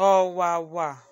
Oh, wow, wow.